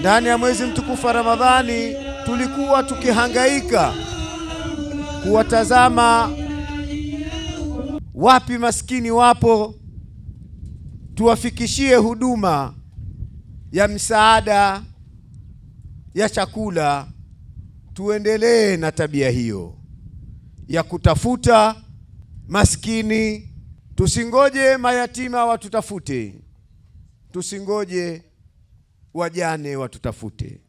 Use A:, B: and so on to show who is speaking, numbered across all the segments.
A: Ndani ya mwezi mtukufu wa Ramadhani tulikuwa tukihangaika kuwatazama wapi maskini wapo, tuwafikishie huduma ya msaada ya chakula. Tuendelee na tabia hiyo ya kutafuta maskini, tusingoje mayatima watutafute, tusingoje wajane watutafute.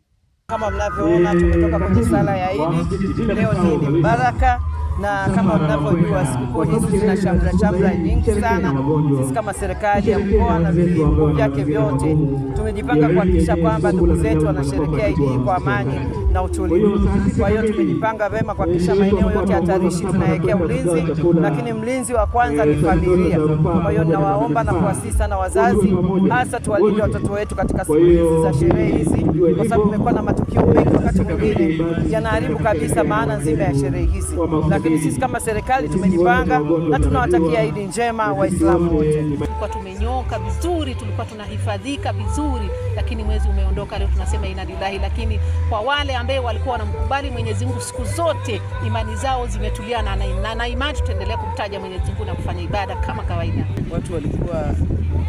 B: Kama mnavyoona tumetoka kwenye sala ya Idi. Leo ni baraka na kama mnavyojua sikukuu hizi zina shamra shamra nyingi sana. Sisi kama serikali ya mkoa na vituo vyake vyote tumejipanga kuhakikisha kwamba ndugu zetu wanasherekea Idi kwa amani na utulivu. Kwa hiyo tumejipanga vema kuhakikisha eh, maeneo yote hatarishi tunawekea ulinzi, lakini mlinzi wa kwanza ni eh, familia. Kwa hiyo ninawaomba na kuwasihi sana wazazi, hasa tuwalinde watoto wetu katika siku hizi za sherehe hizi, kwa sababu tumekuwa na matukio mengi eh, wakati mwingine yanaharibu kabisa maana nzima ya sherehe hizi, lakini sisi kama serikali tumejipanga na tunawatakia Idi njema Waislamu wote.
C: Kwa tumenyoka vizuri, tulikuwa tunahifadhika vizuri, lakini mwezi umeondoka. Leo tunasema inadilahi, lakini kwa wale ambaye walikuwa wanamkubali Mwenyezi Mungu siku zote, imani zao zimetulia na, na, na imani tutaendelea kumtaja Mwenyezi Mungu na kufanya ibada kama kawaida.
D: Watu walikuwa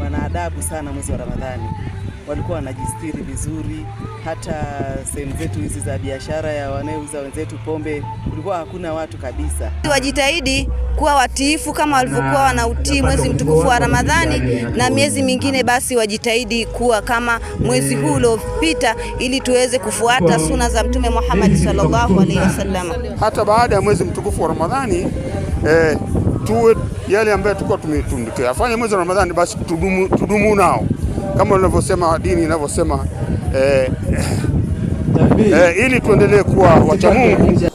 D: wanaadabu sana mwezi wa Ramadhani, walikuwa wanajistiri vizuri. Hata sehemu zetu hizi za biashara ya wanayeuza wenzetu pombe kulikuwa hakuna watu kabisa.
E: Wajitahidi kuwa watiifu kama walivyokuwa wanautii mwezi mtukufu wa Ramadhani na miezi mingine, basi wajitahidi kuwa kama mwezi huu uliopita, ili tuweze kufuata suna za Mtume Muhammad sallallahu alaihi wasallam.
A: Hata baada ya mwezi mtukufu wa Ramadhani eh, tuwe yale ambayo tulikuwa afanye mwezi wa Ramadhani, basi tudumu, tudumu nao kama unavyosema dini inavyosema eh, eh, eh ili tuendelee kuwa wachamungu.